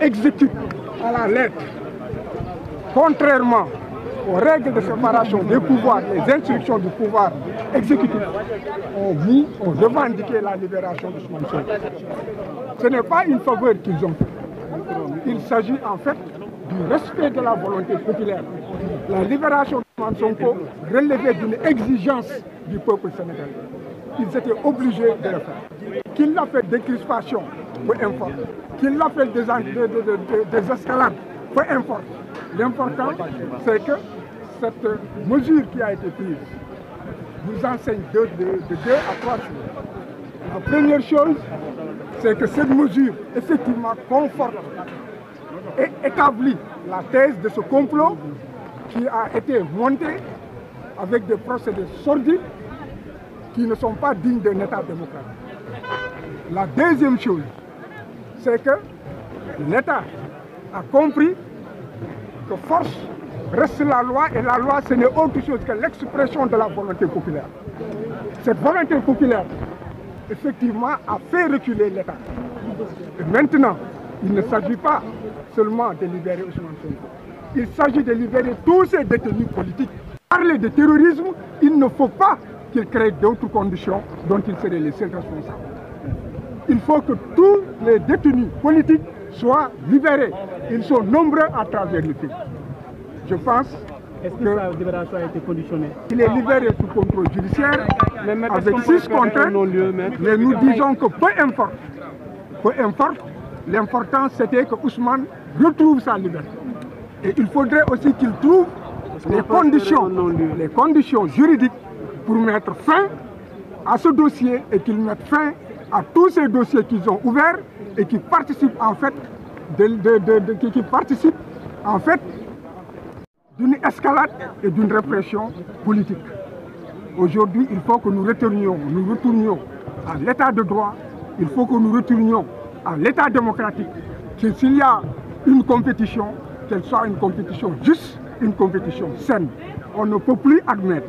exécute à la lettre, contrairement aux règles de séparation des pouvoirs, les instructions du pouvoir exécutif, ont vous On revendiqué la libération de Manson. Ce n'est pas une faveur qu'ils ont faite. Il s'agit en fait du respect de la volonté populaire. La libération de Sonko relevait d'une exigence du peuple sénégalais. Ils étaient obligés de le faire. Qu'il n'a fait décrispation peu importe. Qu'il l'appelle des, des, des, des, escalades, peu importe. L'important, c'est que cette mesure qui a été prise vous enseigne de, deux à trois choses. La première chose, c'est que cette mesure, effectivement, conforte et établit la thèse de ce complot qui a été monté avec des procédés sordides qui ne sont pas dignes d'un État démocratique. La deuxième chose, c'est que l'État a compris que force reste la loi et la loi ce n'est autre chose que l'expression de la volonté populaire. Cette volonté populaire, effectivement, a fait reculer l'État. Maintenant, il ne s'agit pas seulement de libérer Ousmane Sonko. Il s'agit de libérer tous ces détenus politiques. Parler de terrorisme, il ne faut pas qu'il crée d'autres conditions dont il serait les seul responsables il faut que tous les détenus politiques soient libérés. Ils sont nombreux à travers le pays. Je pense que, libération a été Il est libéré sous contrôle judiciaire avec six contraintes, mais nous disons que peu importe, peu importe, l'important c'était que Ousmane retrouve sa liberté. Et il faudrait aussi qu'il trouve les conditions, les conditions juridiques pour mettre fin à ce dossier et qu'il mette fin à tous ces dossiers qu'ils ont ouverts et qui participent en fait, qui, participent en fait d'une escalade et d'une répression politique. Aujourd'hui, il faut que nous retournions, nous retournions à l'état de droit, il faut que nous retournions à l'état démocratique. S'il y a une compétition, qu'elle soit une compétition juste, une compétition saine. On ne peut plus admettre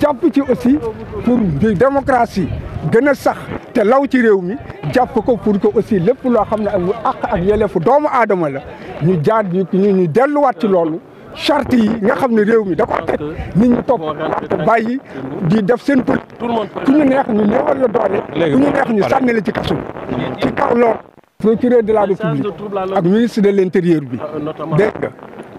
jàpp ci aussi pour démocratie gën a sax te law ci réew mi jàpp ko pour que aussi lépp loo xam ne amul àq ak yelleefu doomu aadama la ñu jaar ñu ñu delluwaat ci loolu charte yi nga xam ne réew mi da ko teg nit ñu topp bàyyi di def seen pël ku ñu neex ñu néewal la doole ku ñu neex ñu sànni la ci kaso ci kaw loolu procureur de la république ak ministre de l'intérieur bi dégg nga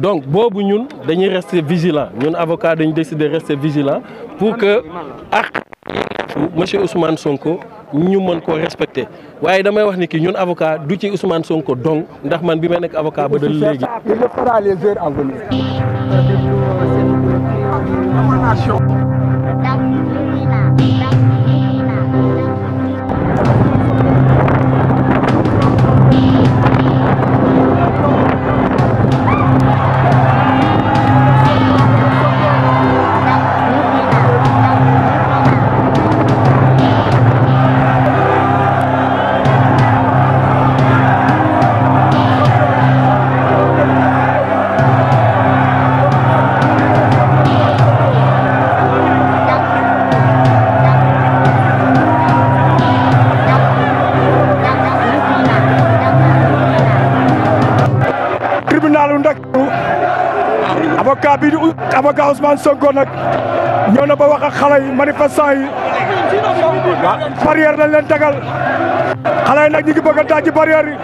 donc boobu ñun dañuy rester vigilant ñun avocat dañu décider rester vigilant pour que M. monsieur Ousmane Sonko ñu mën koo respecté waaye damay wax ni ki ñun avocat du ci Ousmane Sonko donc ndax man bi may avocat ba de il le fera les heures à venir. avocat bi di avocat Ousmane Sonko nag ñëw na ba wax ak xale yi manifestant yi barrière lañ leen tagal xale yi nag ñu ngi bëgg a daaj ci barrière yi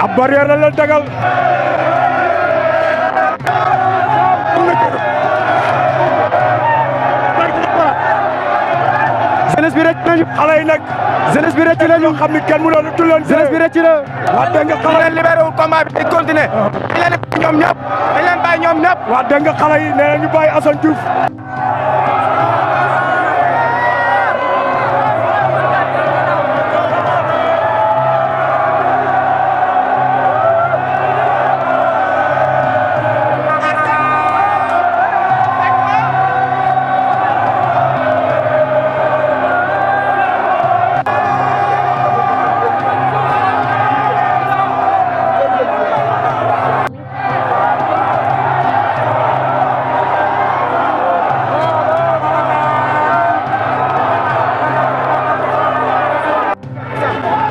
ab barrière lañ jeunesse bi rëcc nañu. xale yi nag. jeunesse bi rëcc nañu xam ni kenn mënoon a tulloon. jeunesse bi rëcc na. waa dégg nga xale yi libéré wul combat bi day continué. dañ leen bàyyi ñoom ñëpp. dañ leen yi nee nañu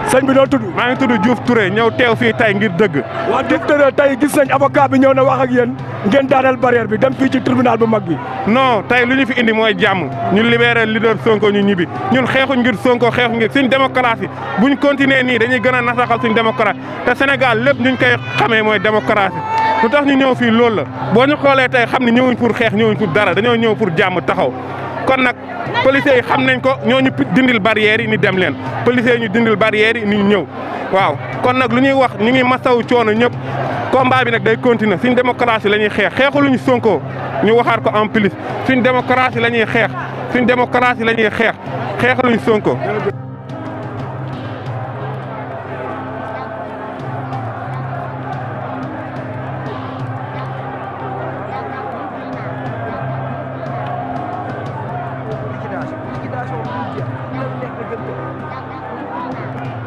sëñ bi noo tudd maa ngi tudd Diouf Touré ñëw teew fii tey ngir dëgg waaw Diouf Touré tey gis nañ avocat bi ñëw na wax ak yéen ngeen daaneel barrière bi dem fii ci tribunal bu mag bi non tey lu ñu fi indi mooy jàmm ñu libéré leader Sonko ñu ñibbi ñun xeexuñ ngir Sonko xeexuñ ngir suñ démocratie buñ continuer nii dañuy gën a nasaxal suñ démocratie te Sénégal lépp ñu koy xamee mooy démocratie lu tax ñu ñëw fii loolu la boo ñu xoolee tey xam ne ñëwuñ pour xeex ñëwuñ pour dara dañoo ñëw pour jàmm taxaw kon nag policiers yi xam nañ ko ñoo ñu dindil barrières yi ni dem leen policiers ñu dindil barrières yi ni ñëw waaw kon nag lu ñuy wax ñu ngi masaw coono ñëpp combat bi nag day continuer suñ démocratie la ñuy xeex xeexaluñu lu ñu ñu waxaat ko en plus suñ démocratie la ñuy xeex suñ démocratie la ñuy xeex xeexaluñu Sonko Thank you.